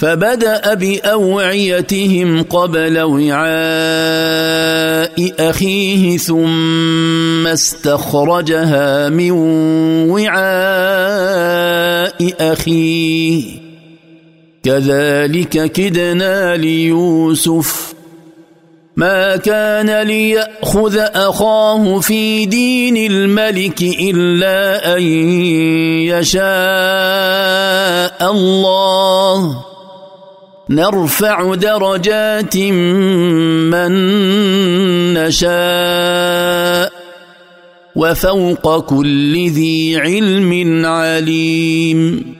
فبدا باوعيتهم قبل وعاء اخيه ثم استخرجها من وعاء اخيه كذلك كدنا ليوسف ما كان ليأخذ أخاه في دين الملك إلا أن يشاء الله نرفع درجات من نشاء وفوق كل ذي علم عليم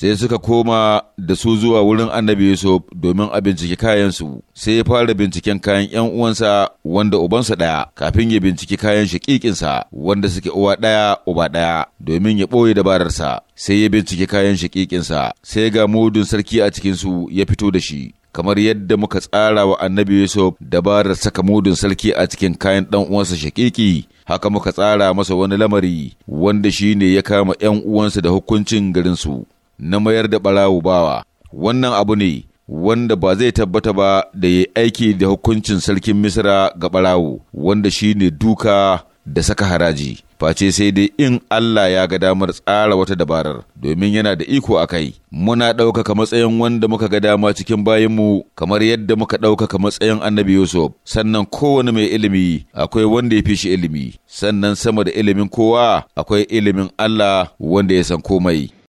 sai suka koma da su zuwa wurin annabi Yusuf domin a binciki kayansu, sai ya fara binciken kayan ‘yan uwansa wanda ubansa ɗaya, kafin ya binciki kayan shakikinsa wanda suke uwa ɗaya uba ɗaya, domin ya ɓoye dabararsa, sai ya binciki kayan shakikinsa, sai ga mudun sarki a cikinsu ya fito da shi. kamar yadda muka tsara wa annabi Yusuf dabarar saka mudun sarki a cikin kayan ɗan uwansa shakiki haka muka tsara masa wani lamari wanda shi ne ya kama ‘yan uwansa da hukuncin garinsu. na mayar da ɓarawo bawa, wannan abu ne wanda ba zai tabbata ba da ya aiki da hukuncin sarkin Misra ga ɓarawo, wanda shi ne duka da saka haraji, face sai dai in Allah ya ga damar tsara wata dabarar, domin yana da iko a kai. Muna ɗaukaka matsayin wanda muka ga dama cikin bayanmu, kamar yadda muka ɗaukaka matsayin annabi Yusuf, sannan kowane mai ilimi akwai wanda ya fi shi ilimi, sannan sama da ilimin kowa akwai ilimin Allah wanda ya san komai.